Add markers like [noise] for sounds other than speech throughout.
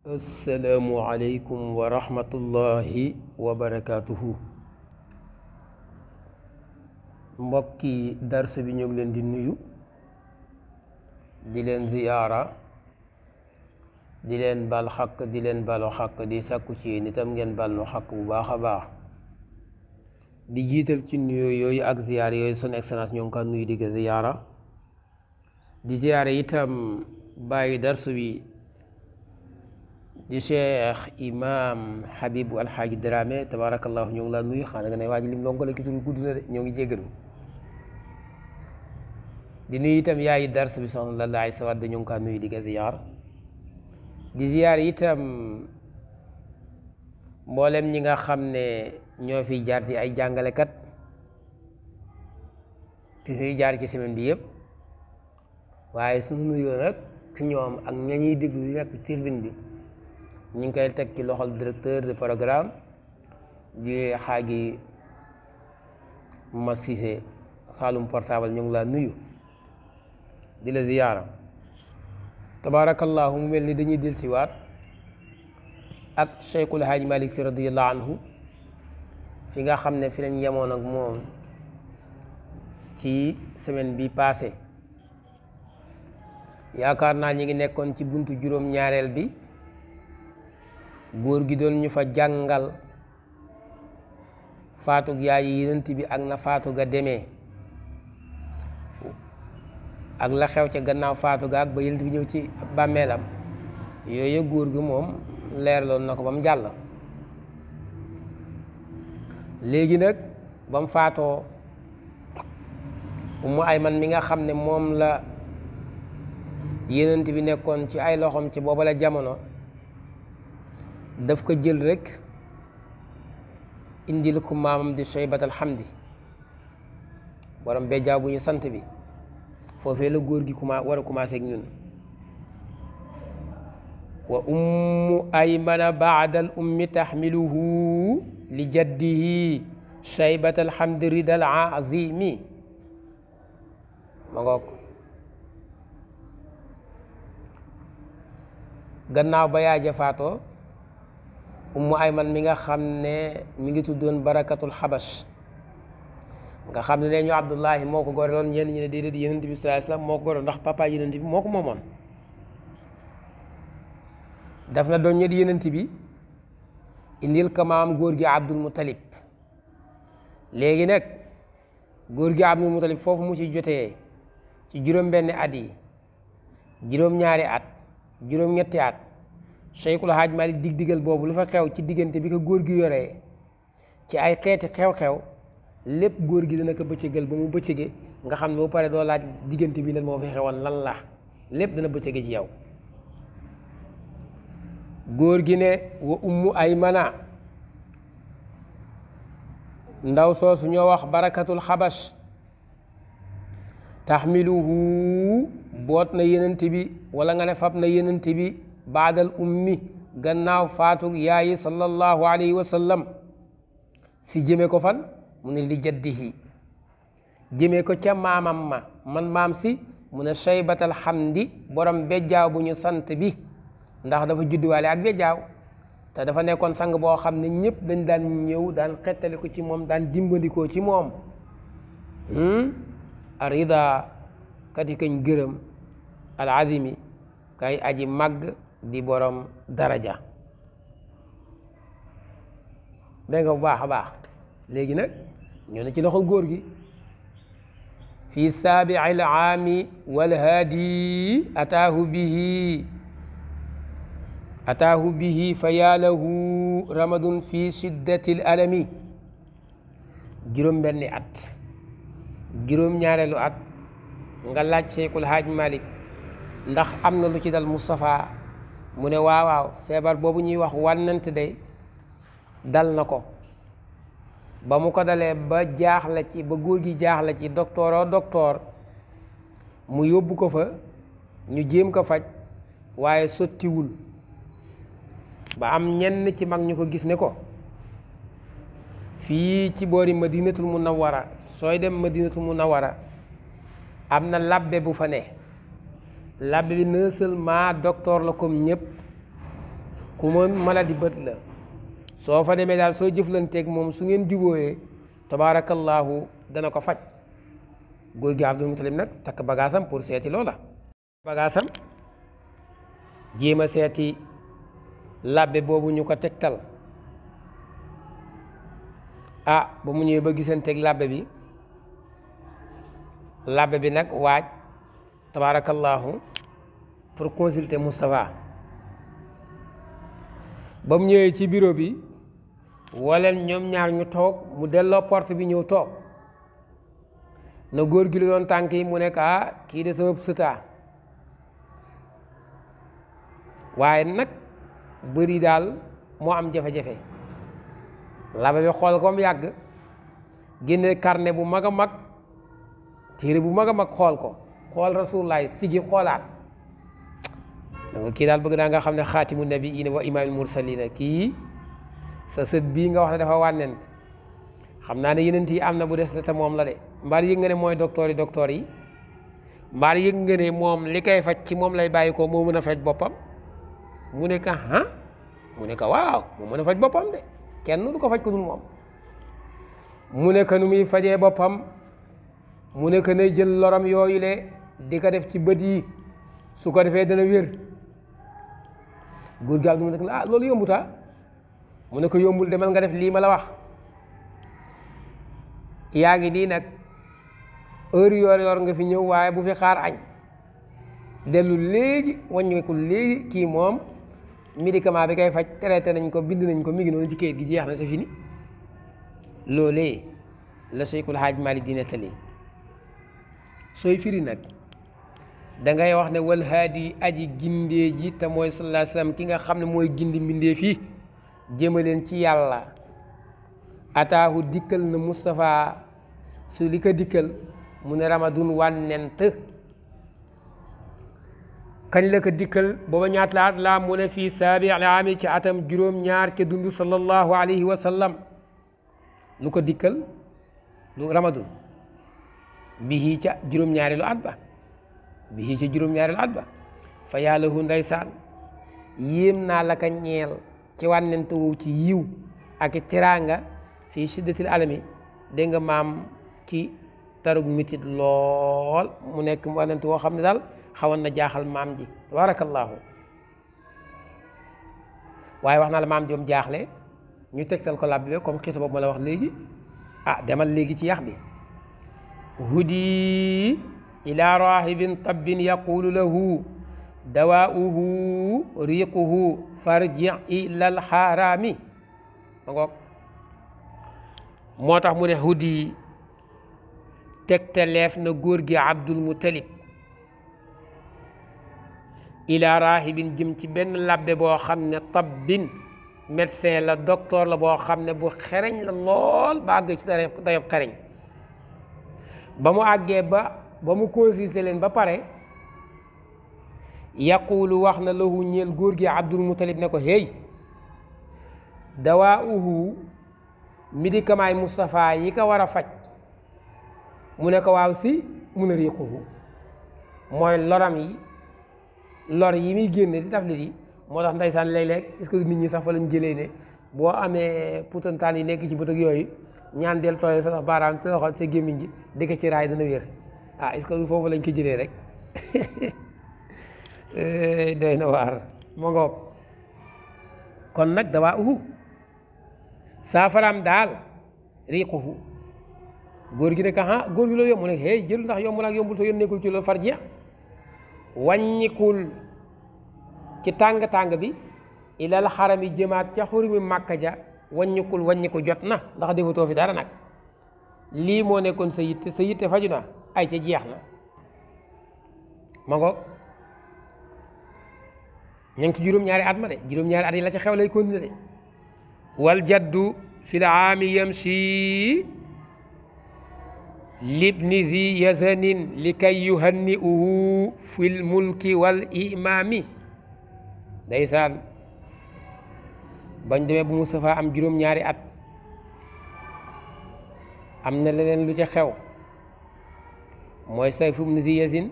asalaamualeykum wa rahmatullahi wa barakaatuhu mbokki dars bi ñu ngi leen di nuyu di leen ziyaara di leen bal xaq di leen balu xaq di sàkku ci nitam ngeen bal nu xaq bu baax a baax di jiital ci nuyu yooyu ak ziyaara yooyu son excellence ñoo ngi ko nuyu di ko ziyaara di ziyaara itam bàyyi darse bi di cheikh imam Habib Alxaaji Dramé tabaarakallaahu ñoo laa nuyu xanaa nga ne waa ji lim lonko la ki tudd gudd na de ñoo ngi jéggalu di nuyu itam yaayi dars bi soxna la laay sawat dañu ngi kaa nuyu di ko ziyaar di mboolem ñi nga xam ne ñoo fiy jaar ci ay jàngalekat fi fiy jaar ci semaine bi yëpp waaye suñu nuyoo nag ci ñoom ak ña ñuy nekk turbine bi ñu ngi koy teg ci loxol directeur de programme di xaaji ma Cissé xaalum portable ñu ngi laa nuyu di la ziyaara tabaarakallaahu mu mel ni dañuy del siwaat ak Cheikhul Haaji Malik Si radiyallahu anhu fi nga xam ne fi lañ yemoon ak moom ci semaine bi passé yaakaar naa ñu ngi nekkoon ci buntu juróom ñaareel bi góor gi doon ñu fa jàngal faatug yaay yi yonent bi ak na faatu ga demee ak la xew ca gannaaw faatu ga ak ba yonent bi ñëw ci bàmmeelam yooyu góor gi moom leerloon na ko ba mu jàll léegi nag ba mu faatoo ay man mi nga xam ne moom la yonent bi nekkoon ci ay loxoom ci booba la jamono daf ko jël rekk indil ko maamam di Shaybat alhamdi borom béjaa bu ñu sant bi foofee la góor gi kuma war a commencé ak ñun wa ummu aymana baada al ummi li jaddihi Shaybat alhamdi ridal azimi gannaaw ba yaay ay man mi nga xam ne mu ngi tuddoon barakatul xabash nga xam ne nee ñu abdullahi moo ko gore loon ñenn ñi ne déedéet yonent bi sallallahu alayhi wasallam moo ko gore ndax papa yonent bi moo ko moomoon daf na doon ñetti yonent bi indil kamaam góor gi abdul muttalib léegi nag góor gi abdul muttalib foofu mu ci jotee ci juróom benn at yi juróom ñaari at juróom ñetti at Cheikhul Hadj Malick dig digal boobu lu fa xew ci diggante bi ko góor gi yoree ci ay xeeti xew-xew lépp góor gi dana ko bëccëgal ba mu bëccëge nga xam ne bu pare doo laaj diggante bi lan moo fi xewoon lan la lépp dana bëccëge ci yow góor gi ne wa ummu ay mana ndaw soosu ñoo wax barakatul xabas taxmiluhu boot na yenent bi walla nga ne fab na yenent bi baadal ummi gannaaw faatu yaayi sallallahu alayhi wa sallam si jëme ko fan mu ne li jaddihi jëme ko ca maamam ma man maam si mu ne shaybatal xamdi borom bejjaaw bu ñu sant bi ndax dafa judduwaale ak bejjaaw te dafa nekkoon sang boo xam ne ñëpp dañ daan ñëw daan xettali ko ci moom daan dimbandikoo ci moom hmm? arida kati kañ gërëm al azimi kay aji màgg di borom daraja dégg nga bu baax a baax léegi nag ñoo ne ci loxol góor gi fi saabii al aami wal haadi ataahu bihi ataahu bihi fa yaalahu ramadun fi shiddatil alami juróom benni at juróom ñaareelu at nga laaj Cheikhul Haaj Malik ndax am na lu ci dal Moustapha mu ne waawaaw feebar boobu ñuy wax wànnant day dal na ko ba mu ko dalee ba jaaxle ci ba góor gi jaaxle ci doktooroo doktoor mu yóbbu ko fa ñu jéem ko faj waaye sottiwul ba am ñenn ci mag ñu ko gis ne ko fii ci boori madinatul munawwara sooy dem madinatul munawwara am na labbe bu fa ne labbe bi non seulement docteur la comme ñëpp ku moom maladie bët la soo fa demee daal soo jëflanteeg moom su ngeen jubóoyee tabaarakallaahu dana ko faj góor gi Abdul Mutalib nag takk bagaasam pour seeti loola bagaasam jéem a seeti labbe boobu ñu ko tegtal ah ba mu ñëwee ba gisanteeg labbe bi labbe bi nag waaj tabaarakallaahu pour consulter Moustapha ba mu ñëwee ci bureau bi waleen ñoom ñaar ñu toog mu delloo porte bi ñëw toog na góor gi lu doon tànk yi mu nekk ah, kii de sabab sëtaa waaye nag bëri daal mu am jafe-jafe laba bi xool ko yàgg génne carnet bu mag a mag téere bu mag a mag xool ko xool rasulullaay sigi xoolaat donc kii daal bëgg naa nga xam ne xaatimu nabiyiina wa imaamul mursaliina kii sa sët bii nga wax ne dafa wànnent xam naa ne yeneen yi am na bu des te moom la de mbaar yëg mooy docteur yi docteur yi mbaar yëg nga moom li koy faj ci moom lay bàyyi ko moo mën a faj boppam mu ne ka mu ne ka waaw moo mën a faj boppam kenn du ko faj ko moom mu nekk nu muy fajee boppam mu ne nay jël loram yooyu le di ko def ci bët yi su ko defee dana wér góor gi ab duma nag la ah loolu yombutaa ah. mu ne ko yombul demal nga def lii ma la wax yaa gi di nag heure yoor yoor nga fi ñëw waaye bu fi xaar añ dellu léegi wàññeeku léegi kii moom médicament bi kay faj traité nañ ko bind nañ ko mi ngi noonu ci gi jeex na sa fini loolee la Seexul Xaaj Maalik di nettali sooy firi nag da ngay wax ne wal haadi aji gindee ji te mooy sallallahu alayhi ki nga xam ne mooy gindi mbindee fii jëmaleen ci yàlla ataahu dikkal na mustafa su li ko dikkal mu ne ramadun wànnent kañ la ko dikkal booba ñaat la at la mu ne fii saabi alaami ci atam juróom-ñaar ke dund sallallahu alayhi wa lu ko dikkal lu ramadun bihi ca juróom-ñaari lu at ba bi ci juróom-ñaareel at ba fa yàlla hu ndeysaan yéem naa la ka ñeel ci wànnent woowu ci yiw ak tiraanga fii siddatil alami dégg nga maam ki tarug mitit lool mu nekk wànnent woo xam ne daal xawoon na jaaxal maam ji tabaarakallaahu waaye wax naa la maam joom jaaxle ñu tegtal ko làbbi be comme xiisa boobu ma la wax léegi ah demal léegi ci yax bi hudi ila rahibin tabbin yaqulu lahu dawaauhu riquhu farji ilal xaaraami moo tax mu ne hudi tegtaleef na góor gi abdul mutalib ila rahibin jëm ci benn labbe boo xam ne tabbin médecin la docteur la boo xam ne bu xereñ la lool ba àgg ci dayob xereñ ba mu àggee ba ba mu consulté leen ba pare yaqulu wax na lahu ñel góor gi Abdul Muttalib ne ko hey dawaa uhu médicament Moustapha yi ko war a faj mu ne ko waaw si mun a riquhu mooy loram yi lor yi muy génne di daf li di moo tax ndeysaan léeg-léeg est que nit ñi sax fa lañ jëlee ne boo amee putantaan yi nekk ci bët yooyu ñaan del tooyal sa baaraam sa loxo sa gémmiñ ji dëkk ci raay dana wér ah est-ce que foofu lañ ko jëlee rek [laughs] eh, doy na waar moo ngoog kon nag dawaa uhu saafaraam daal riiquhu góor gi ne ka ah, góor gi la yomb mu ne hey jël ndax yomb naag yombul te yoon nekkul ci loolu far jeex wàññikul ci tàng-tàng bi ilal xaram yi jëmaat ca xurumi màkka ja wàññikul wàññiku jot na ndax defatoo fi dara nag lii moo nekkoon sa yitte sa yitte faju na ay ca jeex na ma ngoog ña ngi ci juróom-ñaari at ma de juróom-ñaari at yi la ci xew lay continuer de wal jaddu fi l aami yamshi libni zi yazanin li kay fi l mulki wal imaami ndeysaan bañ demee bu Moustapha am juróom-ñaari at am na leneen lu ci xew mooy Sayf ibn Ziyazin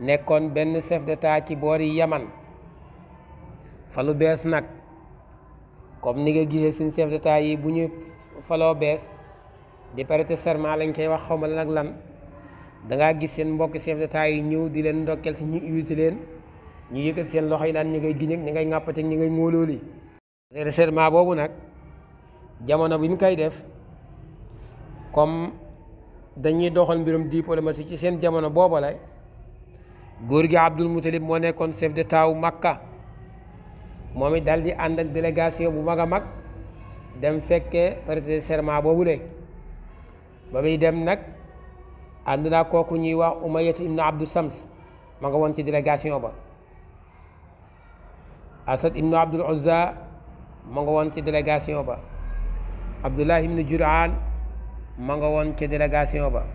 nekkoon benn de d'état ci boori Yaman falu bees nag comme ni nga gisee suñ chef d'état yi bu ñu faloo bees di prêter serment lañ koy wax xaw ma lan ak lan dangaa gis seen mbokk chef d'état yi ñëw di leen ndokkeel si ñu invité leen ñu yëkkat seen loxo yi naan ñi ngay giñ ak ñi ngay ŋàppate ñi ngay ngóolóoli serment boobu nag jamono bi ñu koy def comme dañuy doxal mbirum diplomatie ci seen jamono booba la góor gi Abdul moo nekkoon chef de wu Makka moom it dal di ànd ak délégation bu mag a mag dem fekkee prêter serment boobu le ba muy dem nag ànd naa kooku ñuy wax Umayyatu ibnu Abdu Sams woon ci délégation ba Asad ibnu Abdul Uzza ma nga woon ci délégation ba Abdullah ibnu Juraan ma nga woon ca délégation ba wax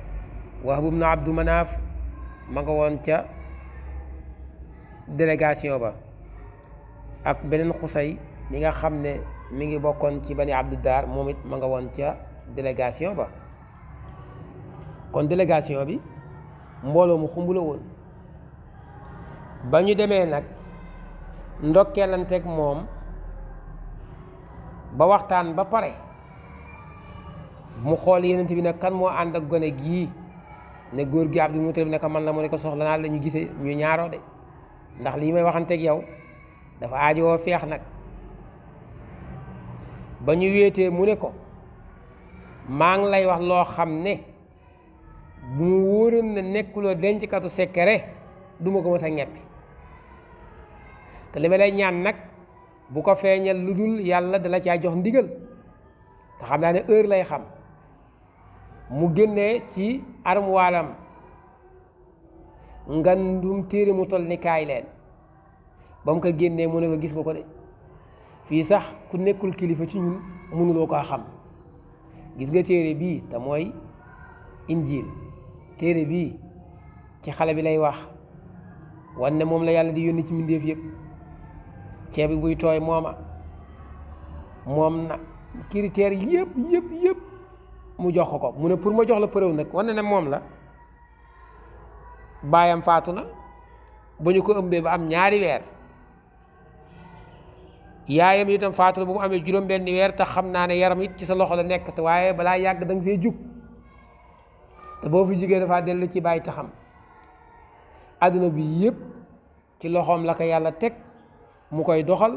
Wahb ibn Abdu Manaaf ma nga woon ca délégation ba ak beneen xusay mi nga xam ne mi ngi bokkoon ci bani Abdu Daar moom it ma nga woon ca délégation ba kon délégation bi mbooloo mu xumb la woon ba ñu demee nag ndokkeelanteeg moom ba waxtaan ba pare mu xool yenent bi nag kan moo ànd ak gone gii ne góor gi Abdul Mutalib ne ko man la mu ne ko soxla naa la ñu gisee ñu ñaaroo de ndax lii may waxanteeg yow dafa aajowoo feex nag ba ñu wéetee mu ne ko maa ngi lay wax loo xam ne bu mu wóoram ne nekkuloo denckatu sekkere duma ko mës a ñeppi te li ma lay ñaan nag bu ko feeñal lu dul yàlla dala caa jox ndigal te xam naa ne heure lay xam mu génnee ci armuwaalam ngandum téere mu toll ni kaay leen ba mu ko génnee mu ne ko gis nga ko de fii sax ku nekkul kilifa ci ñun mënuloo koo xam gis nga téere bii te mooy injiil téere bii ci xale bi lay wax wanne moom la yàlla di yónni ci mbindéef yëpp ceeb bi buy tooy mooma moom na critère yëpp yëpp mu jox ko mu ne pour ma jox la preuve nag wane ne moom la baayam faatu na ba ñu ko ëmbee ba am ñaari weer yaayam itam faatu na bu mu amee juróom-benni weer te xam naa ne yaram it ci sa loxo la nekk te waaye balaa yàgg da nga fee jug te boo fi jugee dafaa dellu ci bàyyi taxam àdduna bi yépp ci loxoom la ko yàlla teg mu koy doxal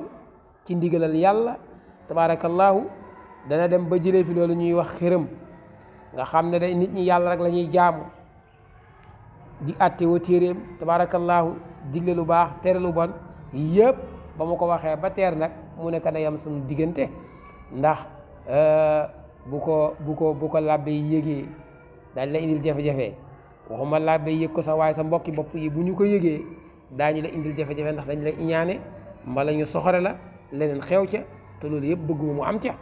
ci ndigalal yàlla tabaarakallaahu dana dem ba jëlee fi loolu ñuy wax xërëm nga xam ne day nit ñi yàlla rek lañuy ñuy jaamu di atte wa téeréem tabaarakallaahu digle lu baax tere lu bon yëpp ba mu ko waxee ba teer nag mu nekk na yam suñu diggante ndax euh, bu ko bu ko bu ko làbbe yëgee dañ la indil jafe-jafe waxuma làbbe yëg ko sax waay sa mbokki bopp yi bu ñu ko yëgee daañu la indil jafe-jafe ndax dañ la iñaane mbala ñu soxore la leneen xew ca te loolu yëpp bëgguma mu am ca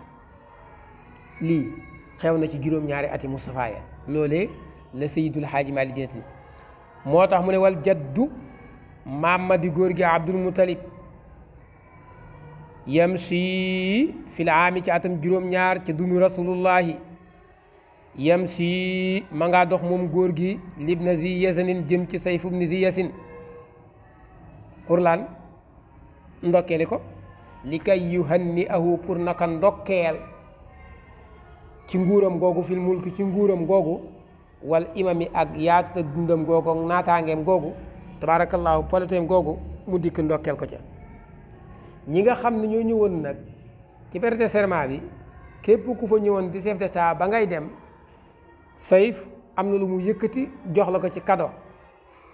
lii xew na ci juróom-ñaari ati Moustapha ya loolee la Seydul Xaaji Maalik Jeet moo tax mu ne wal jaddu maama di góor gi Abdul Muttalib yam si fil aami ci atam juróom-ñaar ca dunu rasulullahi yam si ma ngaa dox moom góor gi lib zi yasanin jëm ci sayf ibn zi yasin pour laan ndokkeeli ko li kay yuhanni ahu pour naka ndokkeel ci nguuram googu fil mulki ci nguuram googu wal imami ak yaatuta dundam googu ak naataangeem googu tabaarakallaahu poloteem googu mu dikk ndokkeel ko ca ñi nga xam ne ñoo ñëwoon nag ci prêter serment bi képp ku fa ñëwoon di chef d'état ba ngay dem sayf am na lu mu yëkkati jox la ko ci cadeau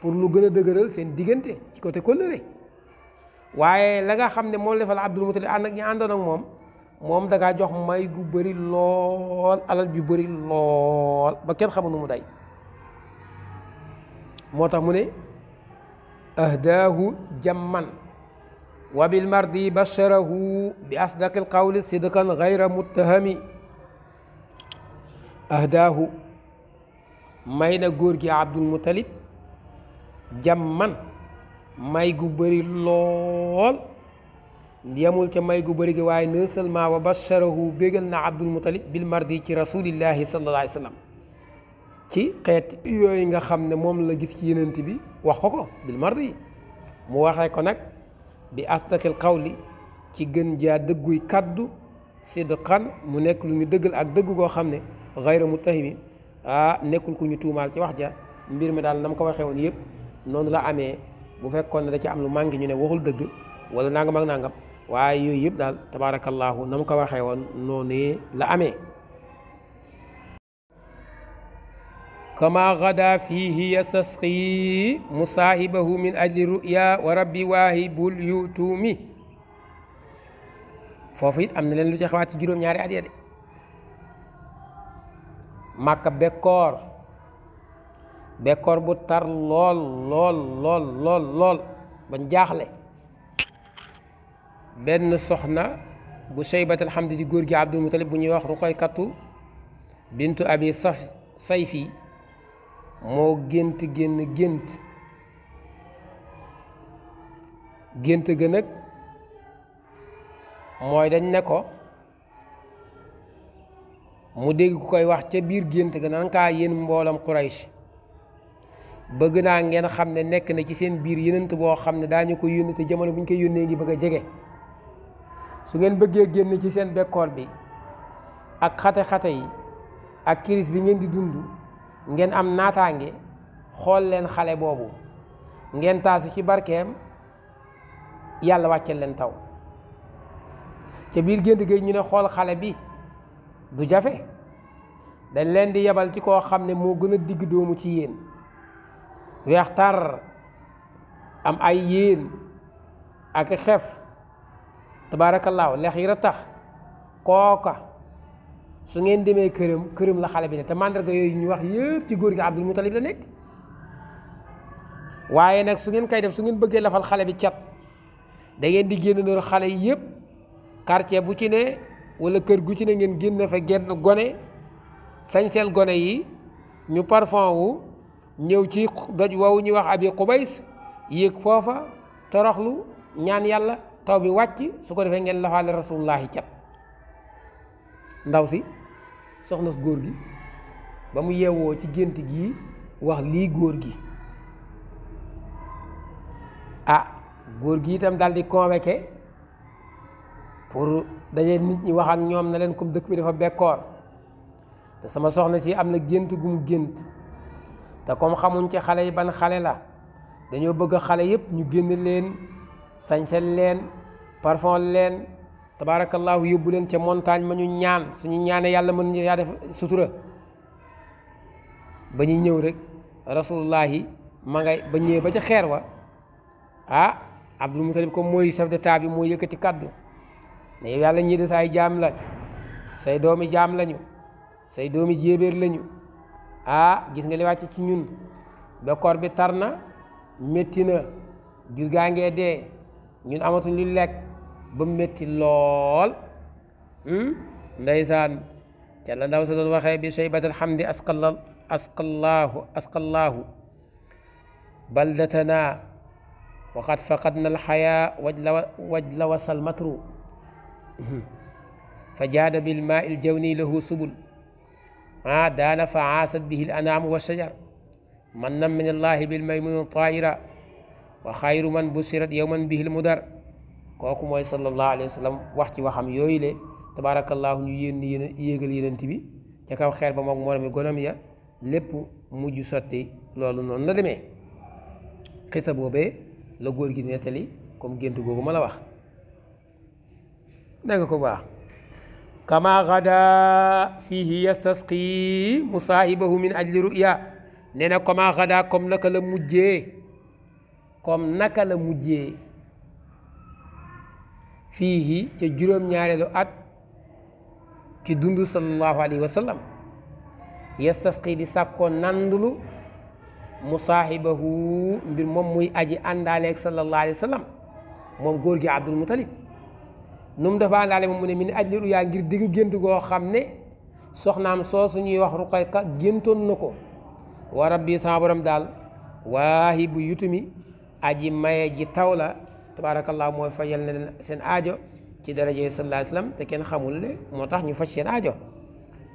pour lu gën a dëgëral seen diggante ci côté kóllëre waaye la nga xam ne moom la defal Abdul Mutalib ànd ak àndoon ak moom moom dangaa jox may gu bëri lool alal ju bëri lool ba kenn xamu nu mu day moo tax mu ne ahdaahu jamman wa bilmardi basharahu bi asdaqil qawli sidqan gayra muttahami ahdaahu may na góor gi abdul muttalib jamman may gu bëri lool yamul ca may gu bëri gi waaye non seulement wa basharahu bégal na abdul mutalib bil mardi ci rasulillahi sallallahu alayhi wa sallam ci xeet yooyu nga xam ne moom la gis ci yenent bi wax ko ko bil mardi mu waxee ko nag bi astaqil qawli ci gën jaa dëgguy kàddu xan mu nekk lu ñu dëggal ak dëgg goo xam ne xayra mutahimi ah nekkul ku ñu tuumaal ci wax ja mbir mi daal na mu ko waxee woon yëpp noonu la amee bu fekkoon ne da ci am lu manqué ñu ne waxul dëgg wala nangam ak nangam waaye yooyu yëpp daal tabaarakallaahu na mu ko waxee woon noonu la amee kama gada fihi yastasqi musaahibahu min ajli ruya wa rabbi waahi yutumi foofu it am na leen lu ci xawaat ci juróom-ñaari at ya de màkka bekkoor bekkoor bu tar lool lool lool lool lool bañ jaaxle benn soxna bu Shaybat alhamdi di góor gi Abdul Mutalib bu ñuy wax Ruqaykatu bintu abi saf sayfi moo gént génn gént gént ga nag mooy dañ ne ko mu dégg ku koy wax ca biir gént ga naan kaa yéen mboolam Quraysh bëgg naa ngeen xam ne nekk na ci seen biir yenent boo xam ne ñu ko yónni te jamono bu ñu koy yónnee ngi bëgg a jege su ngeen bëggee génn ci seen bekkoor bi ak xate-xate yi ak kiris bi ngeen di dund ngeen am naataange xool leen xale boobu ngeen taasu ci barkeem yàlla wàcce leen taw ca biir gént gi ñu ne xool xale bi du jafe dañ leen di yebal ci koo xam ne moo gën a digg doomu ci yéen weex tar am ay yéen ak xef tabaarakallaahu lex yi ra tax kooka su ngeen demee këram këram la xale bi ne te màndarga yooyu ñu wax yëpp ci góor gi Abdul Mutalib la nekk waaye nag su ngeen koy def su ngeen bëggee lafal xale bi cat da ngeen di génn noonu xale yi yëpp quartier bu ci ne wala kër gu ci ne ngeen génn fa genn gone sañseel gone yi ñu parfum wu ñëw ci doj woowu ñuy wax abi xubays yéeg foofa toroxlu ñaan yàlla taw bi wàcc su ko defee ngeen lafaale rasulullahi cat ndaw si soxna góor gi ba mu yeewoo ci gént gi wax lii góor gi ah góor gi itam daal di convoqué pour daje nit ñi wax ak ñoom na leen comme dëkk bi dafa bekkoor te sama soxna si am na gént gu mu gént te comme xamuñ ci xale yi ban xale la dañoo bëgg xale yépp ñu génn leen sañsel leen parfum leen tabaarakallaahu yóbbu leen ca montagne ma ñu ñaan suñu ñaanee yàlla mën yaa def sutura ba ñuy ñëw rek rasulullahi ma ngay ba ñëwee ba ca xeer wa ah abdul mutalib ko mooy chef d'état bi mooy yëkkati kàddu ne yow yàlla ñii de say jaam la say doomi jaam lañu say doomi jéebéer lañu ah gis nga li wàcc ci ñun ba koor bi tar na métti na jur gaa ngee dee ñun amatuñ lu lekk ba metti lool hmm? ndeysaan ca la ndaw sa doon waxee bi shaybatal xamdi askalla askallaahu askallaahu baldatanaa waqad faqadna alxayaa wajla wasal matru hmm. fa jaada bilmaa il jawni lahu subul ma daana fa aasat bihi l anaamu wa shajar man na min allaahi bilmaymun taayira wa xayru man busirat yowman bihi l mudar kooku mooy sallallahu alayhi wa wax ci waxam yooyu le tabaarakallaahu ñu yéen yéen yéegal yenent bi ca kaw xeer ba moom moo demee gonam ya lépp mujj sotti loolu noonu la demee xisa boobe la góor gi nettali comme gént googu ma la wax dégg nga ko baax kama gada fihi yastasqi musaahibahu min nee na kama comme naka la mujje kom naka la mujjee fii ci juróom-ñaareelu at ci dund sallallahu alayhi wa sallam yastasqi di sàkkoo nandulu musaahibahu mbir moom muy aji àndaaleeg sallallahu alayhi wa sallam moom góor gi Abdul Mutalib nu mu dafa àndaale moom mu ne min ajli ruyaa ngir digg gént goo xam ne soxnaam soosu ñuy wax Ruqayka géntoon na ko wa rabbi sama borom daal waahibu yutumi aji maye ji taw tabaarakallaahu mooy fajal na leen seen aajo ci daraja yi sallallaahu alayhi wa te kenn xamul moo tax ñu faj seen aajo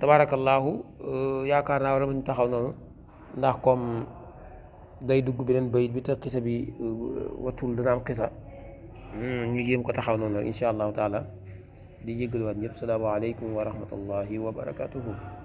tabaarakallaahu euh, yaakaar naa war nañu taxaw noonu ndax comme day dugg beneen bayit bi te bi euh, watul dana am xisa hmm, ñu ko taxaw noonu rek incha allahu taala di jégaluwaat ñëpp salaamaaleykum wa rahmatullahi wa